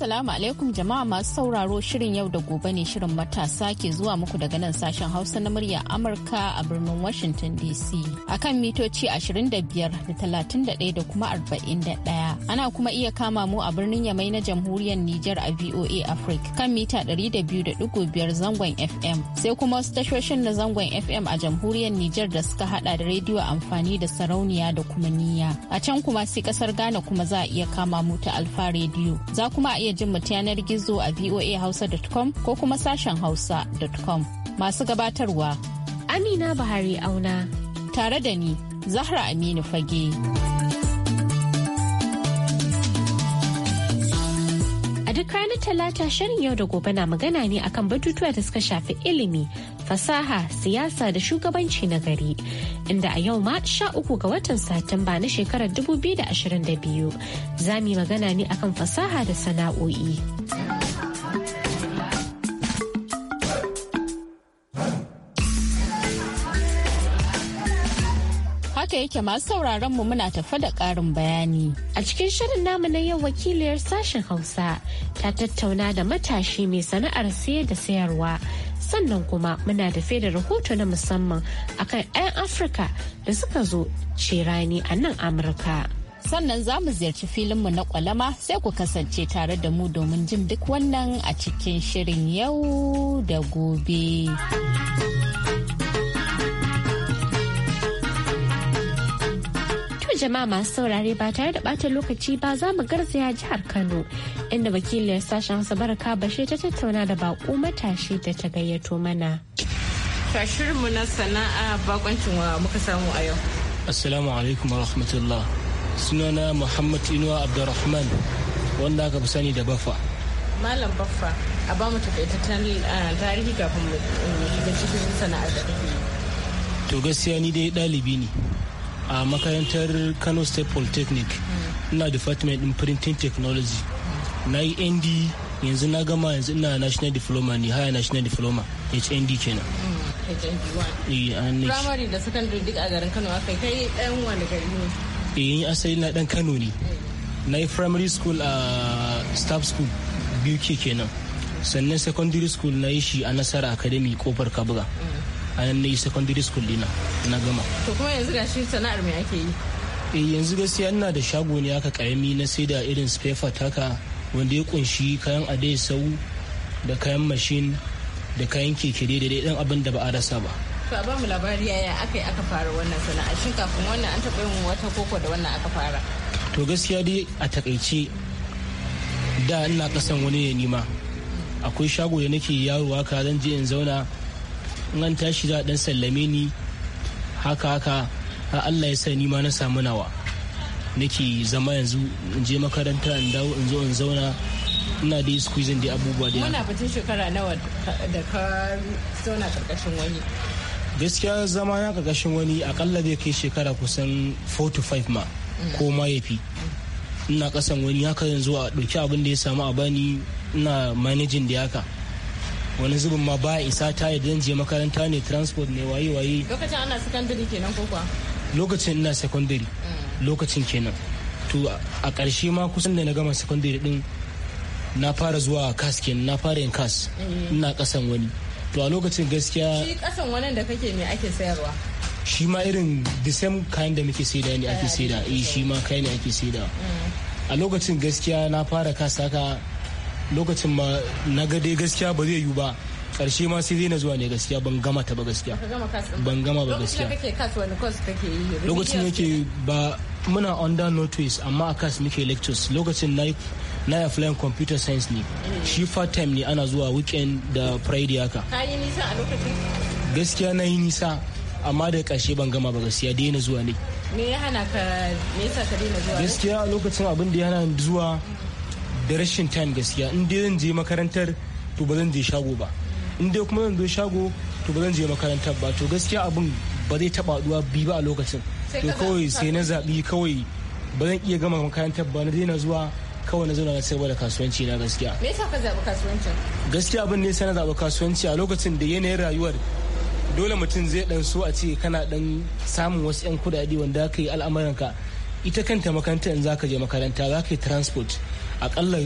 Assalamu alaikum jama'a masu sauraro shirin yau da gobe ne shirin matasa ke zuwa muku daga nan sashen Hausa na murya Amurka a birnin Washington DC akan mitoci 25 da 31 da kuma 41. Ana kuma iya kama mu a birnin Yamai na jamhuriyar Nijar a VOA Africa kan mita 200.5 zangon FM. Sai kuma wasu tashoshin na zangon FM a jamhuriyar Nijar da suka hada da rediyo amfani da sarauniya da kuma niyya. A can kuma sai kasar Ghana kuma za a iya kama mu ta Alfa rediyo Za kuma a iya jin mu ta yanar gizo a voa voahausa.com ko kuma sashen hausa.com. Masu gabatarwa. Amina Bahari Auna. Tare da ni, Zahra Aminu Fage. duk ranar talata shirin yau da gobe na magana ne akan batutuwa da suka shafi ilimi fasaha siyasa da shugabanci na gari inda a yau ma sha uku ga watan satumba na shekarar 2022 za mu yi magana ne akan fasaha da sana'o'i. yake masu sauraron mu muna tafa da ƙarin bayani. A cikin shirin namu na yau wakiliyar sashen Hausa ta tattauna da matashi mai sana'ar siyar da sayarwa. Sannan kuma muna tafe da rahoto na musamman akan 'yan Afirka da suka zo rani a nan Amurka. Sannan za mu ziyarci filinmu na kwalama sai ku kasance tare da mu domin jin duk wannan a cikin shirin yau da gobe. jama'a masu saurare ba tare da ɓata lokaci ba za mu garzaya jihar Kano inda wakiliyar sashen Hausa Baraka Bashir ta tattauna da baƙo matashi da ta gayyato mana. mu na sana'a bakoncin wa muka samu a yau. Assalamu alaikum wa rahmatullah. Sunana Muhammad Inuwa Abdulrahman wanda aka fi sani da Baffa. Malam Baffa, a ba mu takaitaccen tarihi kafin mu shiga cikin sana'ar da kake. To gaskiya ni dai ɗalibi ne. a makarantar kano state polytechnic ina department din printing technology na yi nd yanzu na gama yanzu ina national diploma ne haya national diploma hnd kenan mm, eh, primary da secondary duk a garin kano aka kai ɗan wani gari ne eh asali na ɗan kano ne na yi primary school a staff school biyu ke kenan sannan secondary school na yi shi a nasara academy kofar kabuga mm. a nan yi secondary school dina na gama to kuma yanzu ga shi sana'ar me ake yi eh yanzu gaskiya ina da shago ne aka karami na sai da irin spare part haka wanda ya kunshi kayan adai sau da kayan mashin da kayan keke da dai dan abin da ba a rasa ba to a bamu labari yaya aka yi aka fara wannan sana'a shin kafin wannan an taɓa yin wata koko da wannan aka fara to gaskiya dai a takaice da ina kasan wani ya nima akwai shago da nake yaro haka zan je in zauna in an tashi za a dan sallame ni haka haka a Allah ya sani ma na samu nawa nake zama yanzu in je makaranta in dawo in zo in zauna ina da yi squeezing da abubuwa da yawa. batun shekara nawa da ka zauna karkashin wani gaskiya zama na karkashin wani akalla zai kai shekara kusan 4 to 5 ma mm. ko ma ya fi ina kasan wani haka yanzu a ɗauki abin da ya samu a bani ina managing da haka wani zubin ma ba isa ta idan je makaranta ne transport ne waye waye lokacin ana secondary kenan ko kuwa lokacin ina secondary mm. lokacin kenan to a ƙarshe ma kusan da na gama secondary din na fara zuwa kas kenan na fara yin kas mm. ina kasan wani to a lokacin gaskiya shi kasan wani da kake me ake sayarwa shi ma irin the same kayan da muke saida ne ake saida eh shi ma kai ne ake saida mm. a lokacin gaskiya na fara kasa ka lokacin ma na ga dai gaskiya ba zai yiwu ba karshe ma sai na zuwa ne gaskiya ban gama ta ba gaskiya ban gama ba gaskiya lokacin da kake ba muna under notice amma a kas muke lectures lokacin na na applying computer science ne mm. shi part time ne ana zuwa weekend da friday haka gaskiya na yi nisa amma da karshe ban gama ba gaskiya daina zuwa ne me ya hana ka me yasa ka daina zuwa gaskiya lokacin abin da ya hana zuwa da rashin time gaskiya in dai zan je makarantar to ba zan je shago ba in dai kuma zan zo shago to ba zan je makarantar ba to gaskiya abin ba zai taba duwa bi ba a lokacin to kawai sai na zabi kawai ba zan iya gama makarantar ba na daina zuwa kawai na zauna na sai da kasuwanci na gaskiya me yasa ka zaɓi kasuwancin gaskiya abin ne sai na zabi kasuwanci a lokacin da yanayin rayuwar dole mutum zai dan so a ce kana dan samun wasu yan kudade wanda ka yi al'amuranka ita kanta makaranta in zaka je makaranta zaka yi transport akalla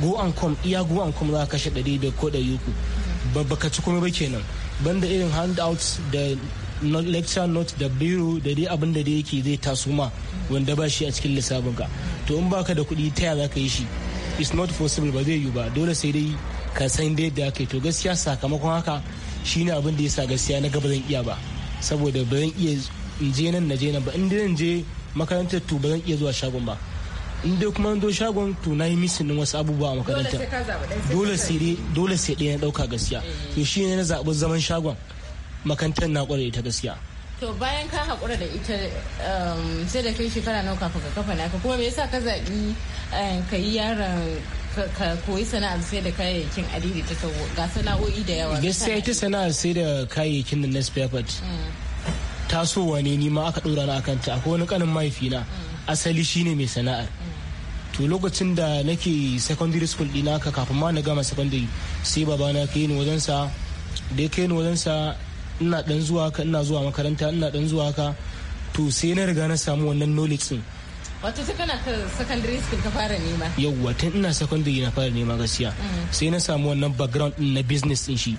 go an kom iya go an kom za ka kashe ɗari da ko ɗari uku babba ka ci kuma ba kenan banda irin handouts da lecture note da biro da dai abin da dai yake zai taso ma wanda ba shi a cikin lissafin ka to in baka da kuɗi ta za ka yi shi it's not possible ba zai yi ba dole sai dai ka san dai da kai to gaskiya sakamakon haka shine abin da ya sa gaskiya na gaba zan iya ba saboda ba zan iya in je nan na je nan ba in je makarantar to ba zan iya zuwa shagon ba in dai kuma zo shagon to na yi misin wasu abubuwa a makaranta dole sai dai dole sai dai na dauka gaskiya to shi ne na zaɓi zaman shagon makarantar na kware ta gaskiya to bayan ka haƙura da ita um, sai da kai shekara nawa kafin ka kafa naka kuma me yasa ka zabi eh, ka yi yaran ka koyi sana'ar sai da kayayyakin adidi ta kawo ga sana'o'i da yawa gaskiya ita sana'ar sai da kayayyakin da na mm. tasowa ne ni ma aka ɗora na akanta akwai wani kanin mahaifina mm. asali shine mai sana'ar to lokacin da nake secondary school ɗina ka kafin ma na gama secondary sai babana ka yi ni wajensa da ya kai ni wajensa ina dan zuwa ka ina zuwa makaranta ina dan zuwa ka to sai na riga na samu wannan knowledge din wato sai kana secondary school ka fara nema yawwa tun ina secondary na fara nema gaskiya mm. sai na samu wannan background din na business din shi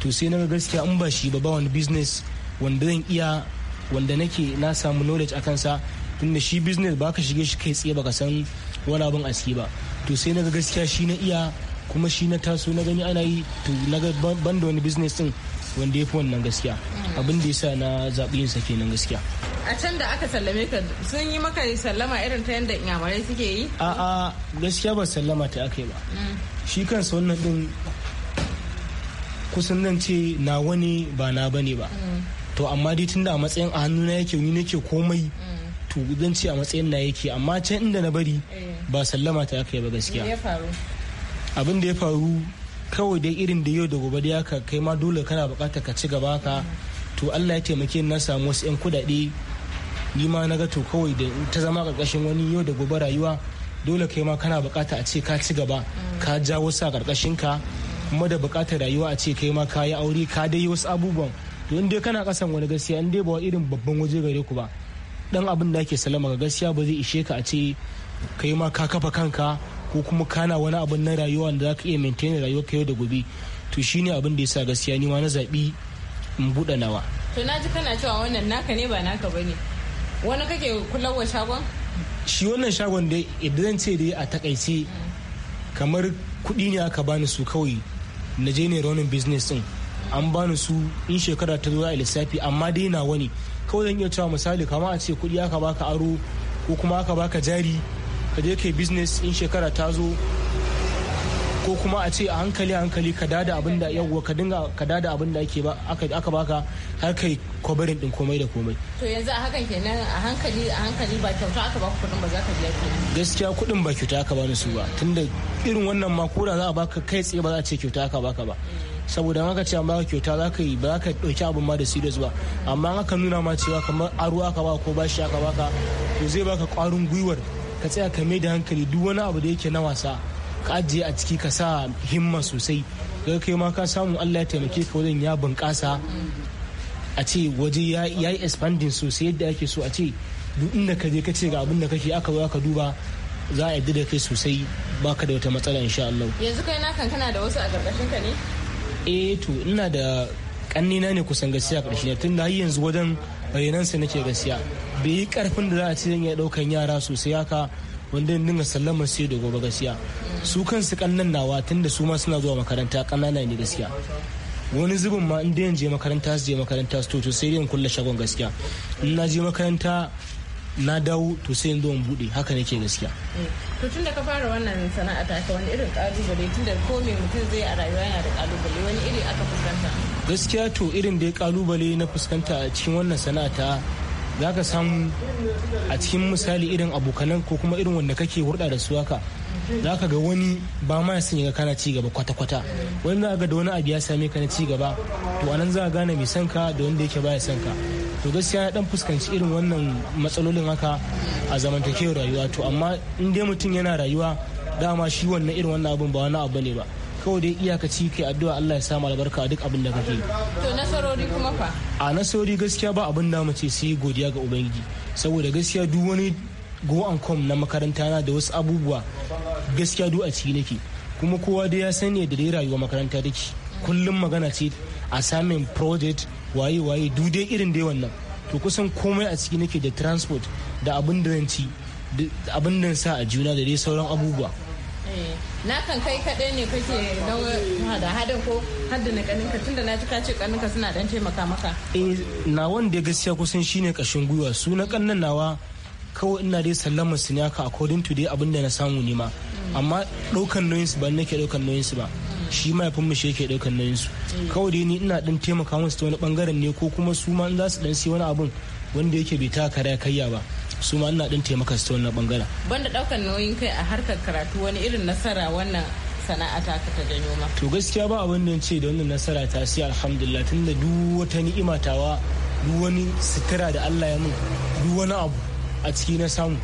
to sai na gaskiya in ba shi ba ba wani business wanda zan iya wanda nake na samu knowledge akan sa tunda shi business ba ka shige shi kai tsaye baka san wani abin aski ba to sai na ga gaskiya shi na iya kuma shi na taso na gani ana yi to na ga ban da wani business din wanda ya fi wannan gaskiya abin da ya sa na zaɓi yin sake kenan gaskiya a can da aka sallame ka sun yi maka sallama irin ta yadda inyamurai suke yi a'a gaskiya ba sallama ta aka yi ba mm. shi kansa wannan din kusan nan ce na wani ba na bane ba mm. to amma dai tunda a matsayin a hannuna yake ni nake komai mm. to zan ce a matsayin na yake amma can inda na bari eh. ba sallama ta aka yi ba gaskiya abin da ya faru kawai dai irin da yau da gobe da ka kai ma dole kana bukatar ka ci gaba ka to Allah ya taimake na samu wasu 'yan kudade ni ma na ga to kawai da ta zama karkashin wani yau da gobe rayuwa dole kai ma kana bukata a ce ka ci gaba mm. ka ja wasu karkashin ka kuma da bukatar rayuwa a ce kai ma ka yi aure ka dai wasu abubuwan to in dai kana kasan wani gaskiya in dai ba irin babban waje gare ku ba dan abin da ake salama ga gaskiya ba zai ishe ka a ce kai ma ka kafa kanka ko kuma kana wani abin na rayuwa da za ka iya maintain rayuwa ka yau da gobe to ne abin da sa gaskiya ni ma na zaɓi in buɗe nawa to na ji kana cewa wannan naka ne ba naka bane wani kake kullawa shagon shi wannan shagon dai idan ce dai a takaice kamar kuɗi ne aka bani su kawai na je ne raunin business din an bani su in shekara ta zuwa a lissafi amma dai na wani kawai zan iya cewa misali kama a ce kuɗi aka baka aro ko kuma aka baka jari ka je kai business in shekara ta zo ko kuma a ce a hankali hankali ka dada abin da yawwa ka dinga ka dada abin da ake aka baka har kai kwabarin din komai da komai to yanzu a hakan kenan a hankali a hankali ba kyauta aka baka kudin ba za ka biya kuɗi. gaskiya kudin ba kyauta aka bani su ba tunda irin wannan makura za a baka kai tsaye ba za a ce kyauta aka baka ba saboda haka ce amma kyauta za ka yi ba ka dauki abin ma da serious ba amma haka nuna ma cewa kamar aro aka ba ko bashi aka baka to zai baka kwarin gwiwar ka tsaya ka mai da hankali duk wani abu da yake na wasa ka ajiye a ciki ka sa himma sosai ga kai ma ka samu Allah ya taimake ka wajen ya bunƙasa a ce waje ya yi expanding sosai yadda ake so a ce duk inda ka je ka ce ga abin da kake aka ba aka duba za a yadda da kai sosai baka da wata matsala insha Allah yanzu kai na kan kana da wasu a ƙarƙashin ka ne eh to ina da kannina ne kusan gaskiya karshe tun da har yanzu wajen bayanan sa nake gaskiya bai yi karfin da za a ce zan iya daukan yara sosai haka wanda yin dinga sallamar sai da gobe gaskiya su kansu kannan nawa tun da su ma suna zuwa makaranta kanana ne gaskiya wani zubin ma in je makaranta su je makaranta su to sai dai in kulle shagon gaskiya in na je makaranta na dawo to sai yanzu zo bude haka nake gaskiya to tun da ka fara wannan sana'a ta ka wani irin kalubale tun da ko mutum zai a rayuwa yana da kalubale wani iri aka fuskanta gaskiya to irin da ya kalubale na fuskanta a cikin wannan sana'a ta za ka samu a cikin misali irin abokanan ko kuma irin wanda kake hurɗa da su haka za ka ga wani ba ma sun ga kana ci gaba kwata-kwata wani za ga da wani abu ya same ka na ci gaba to anan za a gane mai son ka da wanda yake baya son ka to gaskiya na dan fuskanci irin wannan matsalolin haka a zamantakewar rayuwa to amma in dai mutum yana rayuwa dama shi wannan irin wannan abun ba wani abu ne ba kawai dai iyakaci kai addu'a Allah ya samu albarka a duk abin da kake to nasarori kuma fa a nasarori gaskiya ba abin da ce sai godiya ga ubangiji saboda gaskiya duk wani go and come na makaranta na da wasu abubuwa gaskiya duk a ciki nake kuma kowa dai ya sani da dai rayuwa makaranta dake kullum magana ce a samun project waye waye du dai irin dai wannan to kusan komai a ciki nake da transport da abin da ci abin da sa a juna da dai sauran abubuwa eh, na kan kai kaɗai ne kake da hada ko hada na kaninka tunda na ji kace kaninka suna dan taimaka maka eh na wanda gaskiya kusan shine kashin gwiwa su na kannan nawa kawai ina dai sallama su ne haka according to dai abin da na samu ne ma amma ɗaukan nauyinsu ba nake ɗaukan nauyinsu ba shi mahaifin mu shi yake ɗaukan nauyinsu kawai dai ni ina ɗan taimaka musu ta wani bangaren ne ko kuma su ma za su ɗan sai wani abun wanda yake bai ta kare kayya ba su ma ina ɗan taimaka su ta wani bangaren. banda ɗaukan nauyin kai a harkar karatu wani irin nasara wannan sana'a ta ta janyo ma. to gaskiya ba abin da ce da wannan nasara ta sai alhamdulillah tunda duk wata ni'ima tawa duk wani sutura da Allah ya mun duk wani abu a ciki na samu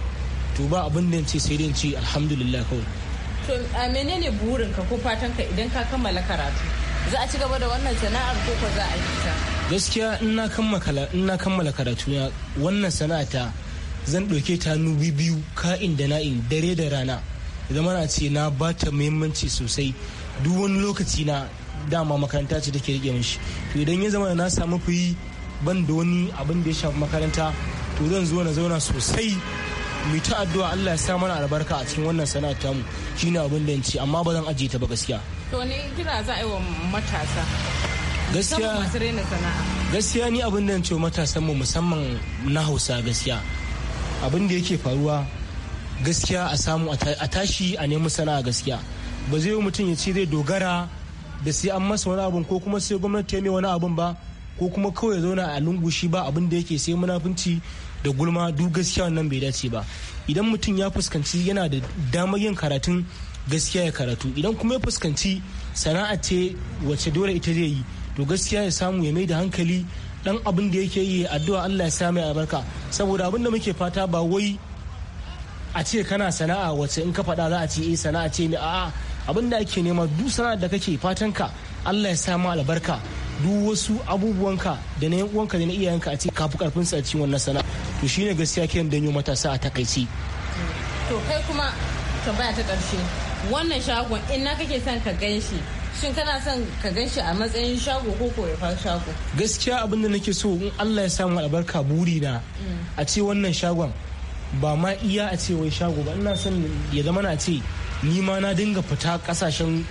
to ba abin da ce sai dai ce alhamdulillah kawai to ne burin ka ko fatan ka idan ka kammala karatu za a ci gaba da wannan sana'ar ko ko za a yi ta gaskiya in na kammala karatu na wannan sana'ata zan ɗauke ta nubi biyu ka'in da na'in dare da rana zama na ce na ba ta muhimmanci sosai duk wani lokaci na dama makaranta ce take rike mishi to idan ya zama na samu fi ban da wani abin da ya shafi makaranta to zan zo na zauna sosai mu ta addu'a Allah ya sa mana albarka a cikin wannan sana'a tamu shine abin da ce amma ba zan ajiye ta ba gaskiya to ne kira za a yi wa matasa gaskiya gaskiya ni abin da ce matasan mu musamman na Hausa gaskiya abin da yake faruwa gaskiya a samu a tashi a nemi sana'a gaskiya ba zai yi mutum ya ce zai dogara da sai an masa wani abun ko kuma sai gwamnati ta yi wani abun ba ko kuma kawai ya zauna a lungu shi ba abin da yake sai munafunci da gulma duk gaskiya wannan bai dace ba idan mutum ya fuskanci yana da damar yin karatun gaskiya ya karatu idan kuma ya fuskanci sana'a ce wacce dole ita zai yi to gaskiya ya samu ya mai da hankali dan abin da yake yi addu'a Allah ya sa mai albarka saboda abin da muke fata ba wai a ce kana sana'a wacce in ka faɗa za a ce eh sana'a ce ne a'a abin da ake nema duk sana'a da kake fatan ka Allah ya sa albarka duk wasu abubuwanka da na uwanka da na iyayenka a cikin kafi karfin su a cikin wannan sana'a to shine gaskiya kiran danyo matasa a takaici to kai kuma tambaya ta karshe wannan shagon in na kake son ka gan shi shin kana son ka gan shi a matsayin shago ko ko ya shago gaskiya abin da nake so in Allah ya samu albarka buri na mm. a ce wannan shagon ba ma iya a ce wai shago ba ina son ya zama na ce ni ma na dinga fita kasashen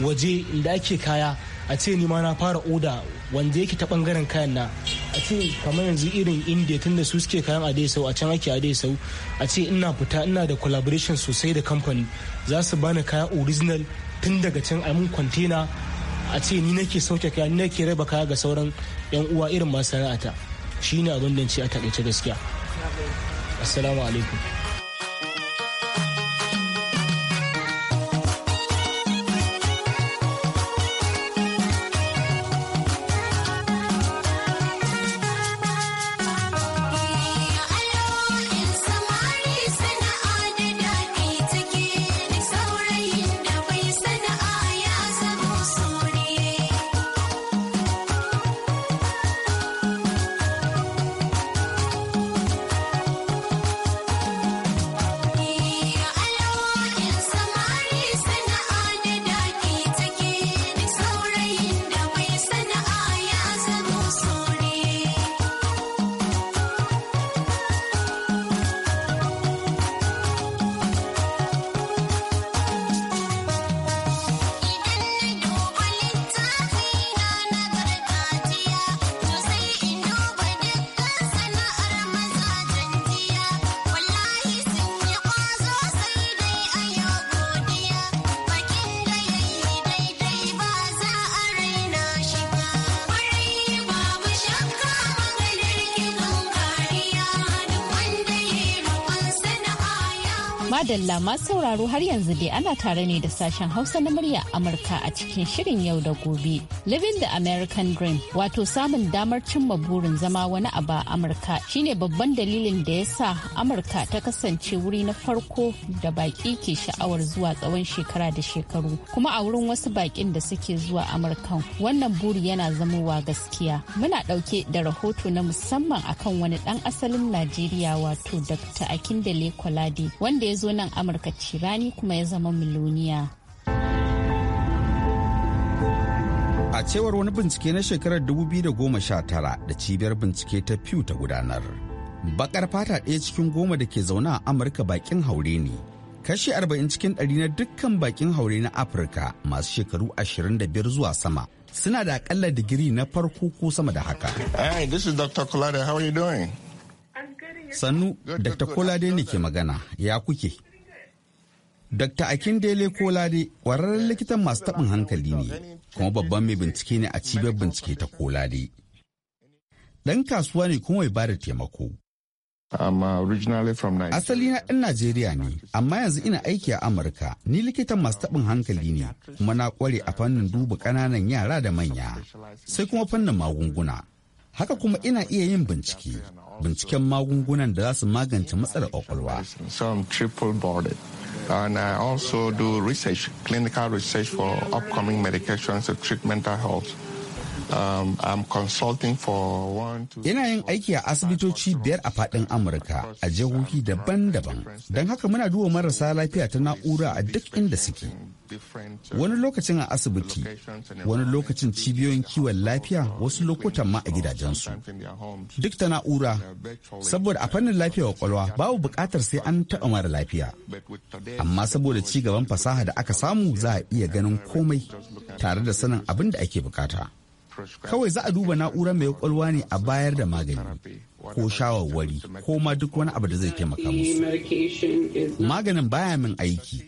waje inda ake kaya a ce ni ma na fara oda wanda yake ta bangaren kayan na a ce kamar yanzu irin india tun da su suke kayan adesau a can ake adesau a ce ina fita ina da collaboration sosai da kamfani za su bani kaya original tun daga can a mun kwantena a ce ni nake sauke kaya ni nake raba kaya ga sauran yan uwa irin masana'ata shine abin da ce a takaice gaskiya assalamu alaikum madalla masu sauraro har yanzu dai ana tare ne da sashen hausa na murya amurka a cikin shirin yau da gobe living the american dream wato samun damar cimma burin zama wani abu a amurka shine babban dalilin da ya sa amurka ta kasance wuri na farko da baƙi ke sha'awar zuwa tsawon shekara da shekaru kuma a wurin wasu baƙin da suke zuwa amurkan wannan buri yana zamowa gaskiya muna ɗauke da rahoto na musamman akan wani ɗan asalin najeriya wato dr akindele kwaladi wanda ya zo na nan amurka ce rani kuma ya zama miloniya a cewar wani bincike na shekarar 2019 da cibiyar bincike ta pew ta gudanar bakar fata ɗaya cikin goma da ke zaune a amurka bakin haure ne kashi 40 cikin 100 na dukkan bakin haure na afirka masu shekaru 25 zuwa sama suna da akalla digiri na farko ko sama da haka. Hey, this is Dr. Kolade, how are you doing? Sannu, Dr. Kolade ne ke magana, ya kuke? Dr. Akindele Kolade kwararren likitan masu taɓin hankali ne, kuma babban mai bincike ne a cibiyar bincike ta Kolade. Ɗan kasuwa ne kuma mai ba da taimako. Uh, Asali na ɗan Najeriya ne, amma yanzu ina aiki a Amurka, ni likitan masu taɓin hankali ne, kuma na ƙware a fannin duba ƙananan yara da manya, sai kuma fannin magunguna. Haka kuma ina iya yin bincike, binciken magungunan da za su magance matsalar ƙwaƙwalwa. and I also do research, clinical research for upcoming medications to treat mental health. Yana um, yin aiki a asibitoci biyar a faɗin Amurka a jihohi daban-daban. Don haka muna duba marasa lafiya ta na'ura a duk inda suke. Uh, wani lokacin a asibiti, wani lokacin cibiyoyin kiwon uh, lafiya wasu lokutan ma a gidajensu. Duk ta na'ura, saboda a uh, fannin lafiya kwakwalwa babu bukatar sai an taɓa mara lafiya. Amma saboda ci gaban fasaha da aka samu za a iya ganin komai tare da sanin abin da ake bukata. Kawai za a duba na'urar mai kwakwalwa ne a bayar da magani ko shawarwari ko ma duk wani abu da zai taimaka musu. Maganin baya min aiki.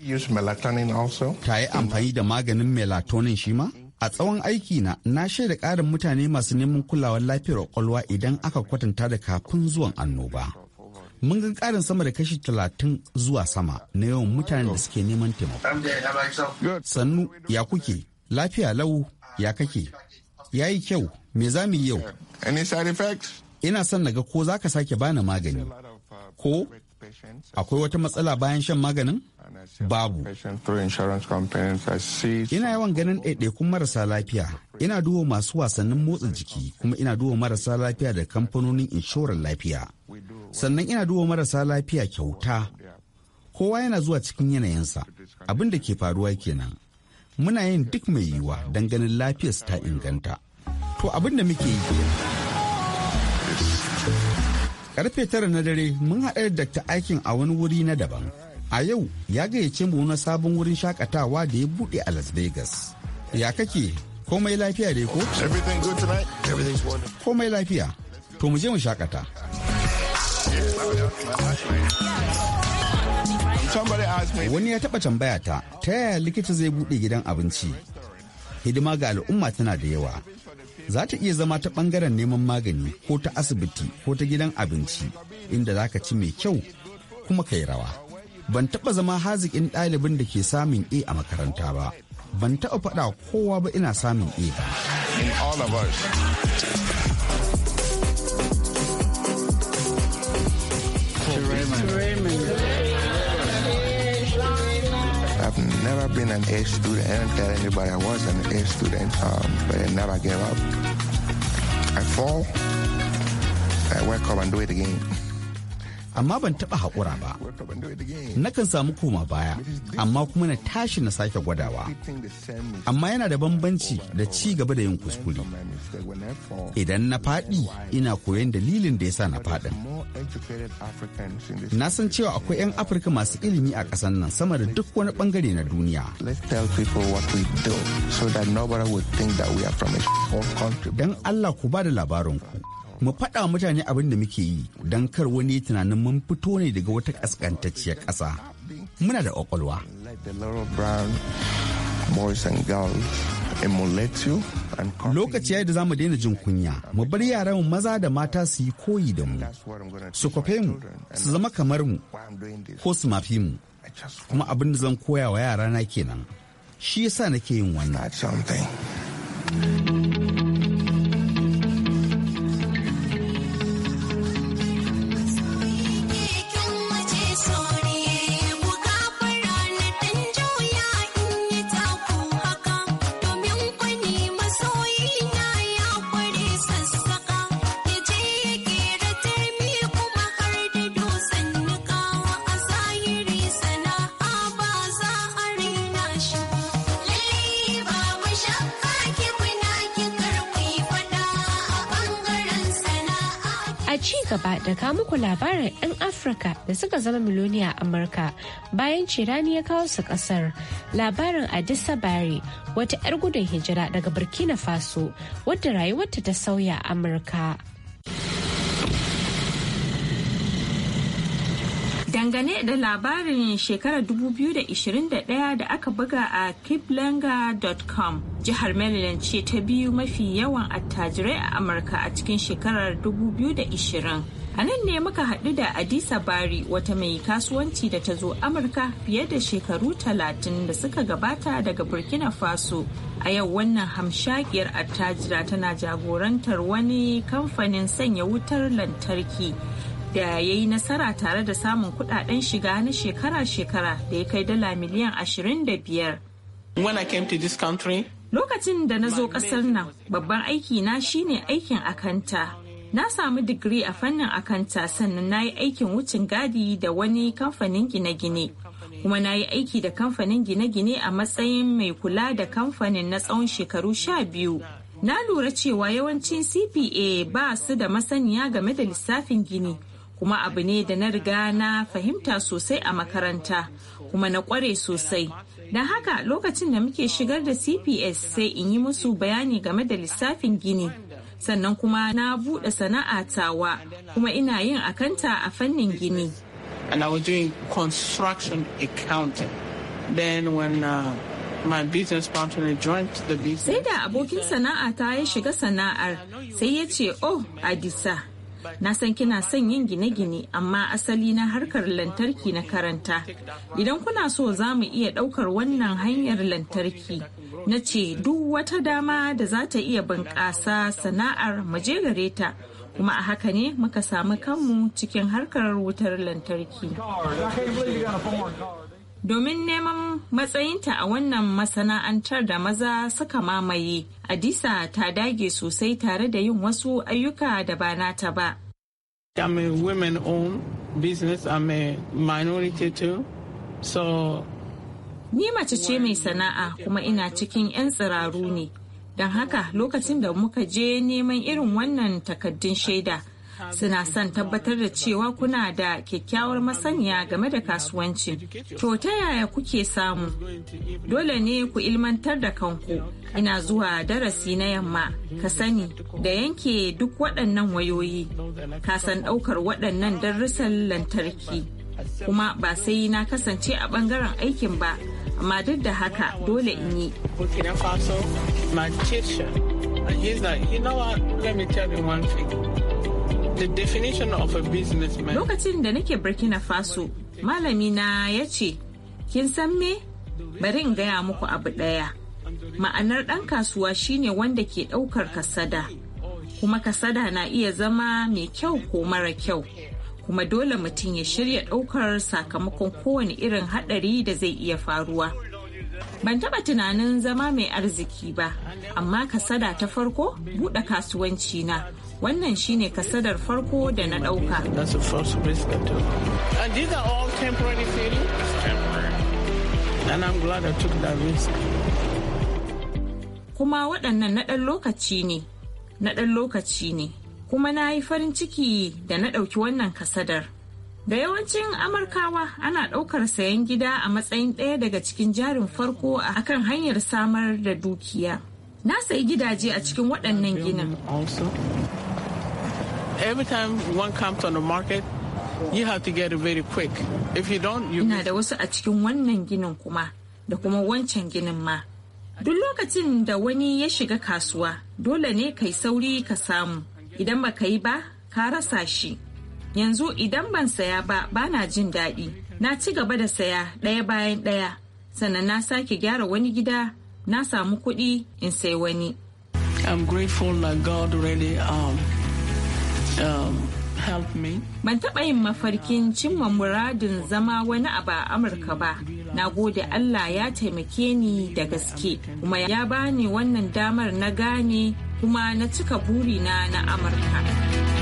Ta yi amfani da maganin melatonin shi ma? A tsawon aiki na na shaida ƙarin mutane masu neman kulawar lafiyar kwakwalwa idan aka kwatanta da kafin zuwan annoba. Mun ga ƙarin sama da kashi talatin zuwa sama na yawan mutanen da suke neman taimako. Sannu ya kuke, lafiya lau ya kake, ya yi kyau me za mu yi yau ina son na ga ko za ka sake bani magani ko akwai wata matsala bayan shan maganin babu ina yawan ganin ɗaiɗaikun marasa lafiya ina duba masu wasannin motsa jiki kuma ina duba marasa lafiya da kamfanonin inshorar lafiya sannan ina duba marasa lafiya kyauta kowa yana zuwa cikin yanayinsa abin da ke faruwa kenan muna yin duk mai yiwa don ganin lafiyarsu ta inganta to abin da muke yi karfe tara na dare mun haɗa da Dr. aikin a wani wuri na daban a yau ya gayyace mu na sabon wurin shakatawa da ya buɗe a las vegas ya kake komai lafiya dai ko komai lafiya to mu je mu shakata wani ya taɓa tambaya ta ta yaya likita zai buɗe gidan abinci hidima ga al'umma tana da yawa za ta iya zama ta bangaren neman magani ko ta asibiti ko ta gidan abinci inda za ka ci mai kyau kuma ka yi rawa. Ban taɓa zama haziƙin ɗalibin da ke samun A a makaranta ba. Ban taɓa faɗa kowa ba ina samun A ba. an A student. I didn't tell anybody I was an A student, um, but I never gave up. I fall, I wake up and do it again. amma ban taɓa haƙura ba nakan samu koma baya amma kuma na tashi na sake gwadawa amma yana da bambanci da ci gaba da yin kuskure idan na faɗi ina koyon dalilin da ya sa na faɗin na san cewa akwai 'yan afirka masu ilimi a ƙasar nan sama da duk wani ɓangare na duniya don allah ku ba da labarinku mu faɗa wa mutane abin da muke yi don kar wani tunanin mun fito ne daga wata ƙasƙantacciyar ƙasa muna da ƙwaƙwalwa Lokaci ya da za mu daina jin kunya, mu bar yara yaran maza da mata su yi koyi da mu, su kwafe mu, su zama kamar mu, ko su mafi mu, kuma abin da zan koya wa na kenan. Shi yasa nake yin wannan. da ka muku labarin 'yan Afirka da suka zama miloniya a Amurka bayan cirani ya kawo su kasar. Labarin Adisa bari wata 'yar gudun hijira daga Burkina Faso wadda rayuwarta ta sauya a Amurka. Dangane da labarin shekarar 2021 da aka buga a kiplanga.com, jihar Maryland ce ta biyu mafi yawan attajirai a Amurka a cikin shekarar 2020. A nan ne muka haɗu da Adisa Bari wata mai kasuwanci da ta zo Amurka fiye da shekaru talatin da suka gabata daga Burkina Faso. A yau wannan hamshakiyar attajira tana jagorantar wani kamfanin sanya wutar lantarki da ya yi nasara tare da samun kuɗaɗen shiga na shekara-shekara da ya kai dala miliyan 25. da biyar. Lokacin da na zo ƙasar nan, babban aiki na shine aikin akanta. Na samu digiri a fannin akanta sannan na yi aikin wucin gadi da wani kamfanin gine-gine. Kuma na yi aiki da kamfanin gine-gine a matsayin mai kula da kamfanin na tsawon shekaru sha biyu. Na lura cewa yawancin CPA ba su da masaniya game da lissafin gini. kuma abu ne da na riga na fahimta sosai a makaranta kuma na kware sosai don haka lokacin da muke shigar da cps sai in yi musu bayani game da lissafin gini sannan kuma na buɗe sana'a tawa kuma ina yin akanta a fannin gini. And I was doing construction accounting. Then uh, Sai da abokin sana'a ta ya shiga sana'ar sai ya ce, "Oh, Adisa, na san kina son yin gine-gine amma asali na harkar lantarki na karanta idan kuna so za mu iya ɗaukar wannan hanyar lantarki na ce duk wata dama da za ta iya bunƙasa sana'ar muje gare ta kuma a haka ne muka samu kanmu cikin harkar wutar lantarki domin neman matsayinta a wannan masana'antar da maza suka mamaye. Adisa ta dage sosai tare da yin wasu ayyuka da ba nata ba. Ni mace ce mai sana'a kuma ina cikin 'yan tsiraru ne. Don haka lokacin da muka je neman irin wannan takaddun shaida. suna son tabbatar da cewa kuna da kyakkyawar masaniya game da kasuwanci. To ta yaya kuke samu? Dole ne ku ilmantar da kanku. Ina zuwa darasi na yamma, ka sani da yanke duk waɗannan wayoyi, ka san ɗaukar waɗannan darussan lantarki. Kuma ba sai na kasance a ɓangaren aikin ba, amma duk da haka dole in yi. And he's Lokacin da nake Burkina Faso, malami na ya ce, Kin san me? Bari in gaya muku abu ɗaya. Ma'anar ɗan kasuwa shine wanda ke ɗaukar kasada. Kuma kasada na iya zama mai kyau ko mara kyau. Kuma dole mutum ya shirya ɗaukar sakamakon kowane irin haɗari da zai iya faruwa. Ban taɓa tunanin zama mai arziki ba, amma kasada ta farko buɗe kasuwanci na. wannan shine kasadar farko da na ɗauka. Kuma waɗannan na ɗan lokaci ne, na ɗan lokaci ne, kuma na yi farin ciki da na ɗauki wannan kasadar. Da yawancin Amurkawa ana ɗaukar sayan gida a matsayin ɗaya daga cikin jarin farko a kan hanyar samar da dukiya. Na sayi gidaje a cikin waɗannan ginin. market very ina da wasu a cikin wannan ginin kuma da kuma wancan ginin ma duk lokacin da wani ya shiga kasuwa dole ne kai sauri ka samu idan ba ka yi ba ka rasa shi yanzu idan ban saya ba bana jin daɗi na ci gaba da saya ɗaya bayan ɗaya sannan na sake gyara wani gida na samu kuɗi in sai wani I'm grateful that God really um, Um, Ban taɓa yin mafarkin cimma muradin zama wani abu a Amurka ba. Na gode Allah ya taimake ni da gaske, kuma ya bani wannan damar na gane kuma na cika burina na Amurka.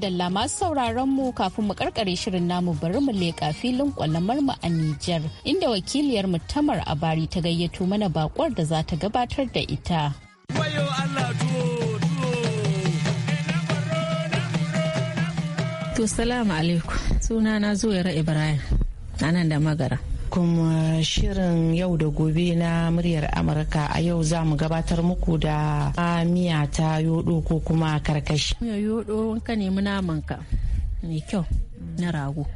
madalla masu sauraron mu kafin mu karkare shirin namu bari mu leƙa filin kwalamar mu a Nijar inda wakiliyar mu Tamar Abari ta gayyato mana bakwar da za ta gabatar da ita. To salamu alaikum suna na zuwa Ibrahim nan da magara. kuma uh, shirin yau da gobe na muryar Amurka a yau za mu gabatar muku da uh, miya ta yodo ko kuma karkashi. Miya yodo ka nemi namanka mai kyau na rago.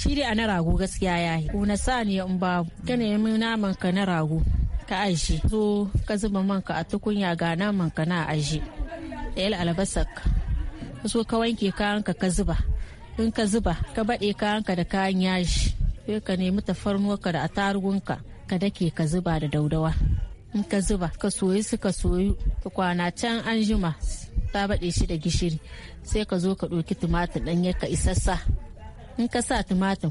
Shi dai a na rago gaskiya ya yi. Kuna sa ne in ba Ka nemi namanka na rago ka aji. so ka zuba manka a tukunya ga namanka na aji. Da yal albasarka. so ka wanke kayanka ka zuba. In ka zuba ka baɗe kayanka da kayan yashi sai ka nemi tafarnuwarka da atarugunka ka dake ka zuba da daudawa in ka zuba ka soyu suka soyu kwana can an jima ta baɗe shi da gishiri sai ka zo ka ɗauki tumatir ɗan ka isassa in ka sa tumatir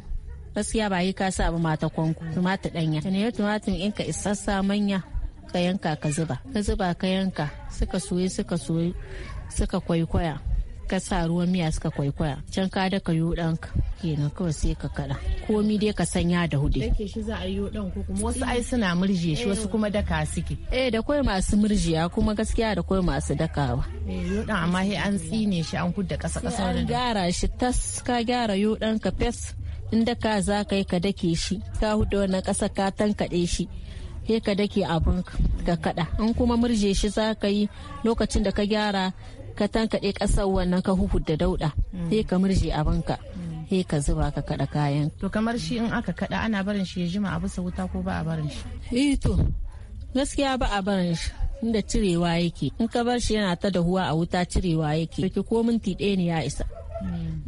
gaskiya ba yi ka sa ba mata kwanku tumatir ɗan ka nemi tumatir in ka isassa manya ka yanka ka zuba ka zuba ka yanka suka soyu suka soyu suka kwaikwaya ka sa ruwan miya suka kwaikwaya can ka daka ka ɗanka kenan kawai sai ka kaɗa komi dai ka sanya da hudu. Dake shi za a yi ɗan ko kuma wasu ai suna murje shi wasu eh. kuma daka suke. Eh da kawai masu murjiya kuma gaskiya da kawai masu dakawa. Eh yoɗan amma sai an tsine shi an kudda ƙasa ƙasa. wani an gyara shi tas ka gyara yoɗan ka fes in daka za ka yi ka dake shi ka hudu wannan ƙasa ka tankaɗe shi. sai ka dake abin ka kaɗa in kuma murje shi za ka yi lokacin da ka gyara ka tankaɗe ƙasar wannan ka huhu da dauɗa sai mm. ka murje abinka sai mm. ka zuba ka kaɗa kayan. To kamar shi in aka kaɗa ana barin shi ya jima a bisa wuta ko ba a barin shi? Eh to gaskiya ba a barin shi. inda cirewa yake in ka bar shi yana ta dahuwa a wuta cirewa yake ki ko minti ɗaya ne ya isa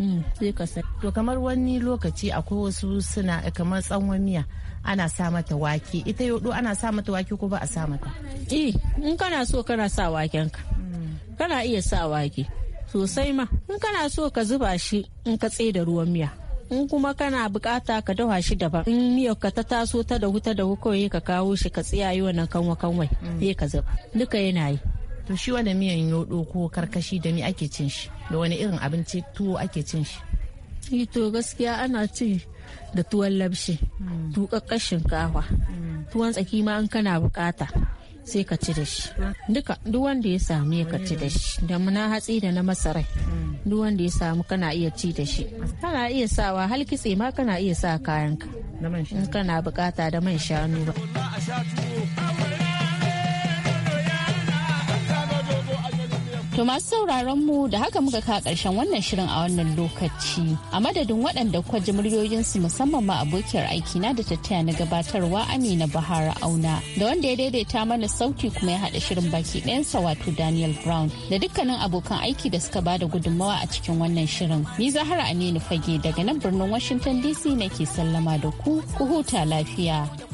mm. sai ka sai to kamar wani lokaci akwai wasu suna kamar tsawon miya ana sa mata wake ita yodo ana sa mata wake ko ba a sa mata eh in kana so kana sa waken ka kana iya sa wake sosai ma in kana so ka zuba shi in ka da ruwan miya in kuma kana bukata ka dawa shi daban in miyar ka ta taso ta da wuta da kawai ka kawo shi ka yi wannan kanwa kanwai sai ka zuba duka yana yi to shi wannan miyan yodo ko karkashi da mi ake cin shi da wani irin abinci tuwo ake cin shi eh, to gaskiya ana ci. da tuwon labshi mm. tuƙaƙƙar shinkafa mm. tuwon tsaki ma in kana bukata sai ka ci da shi duka duk wanda ya samu ya ci da shi da na hatsi da na masarai mm. duk wanda ya samu kana iya ci da shi kana iya sawa hal kitse ma kana iya sa kayanka in kana bukata da man shanu ba To masu sauraron mu da haka muka ka ƙarshen wannan shirin a wannan lokaci. A madadin waɗanda kwa ji muryoyinsu musamman ma abokiyar aiki na da tattaya na gabatarwa Amina Bahara Auna da wanda ya daidaita mana sauti kuma ya haɗa shirin baki ɗayansa wato Daniel Brown da dukkanin abokan aiki da suka bada gudunmawa a cikin wannan shirin. Ni Zahara Aminu Fage daga nan birnin Washington DC nake sallama da ku, ku huta lafiya.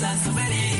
za su bari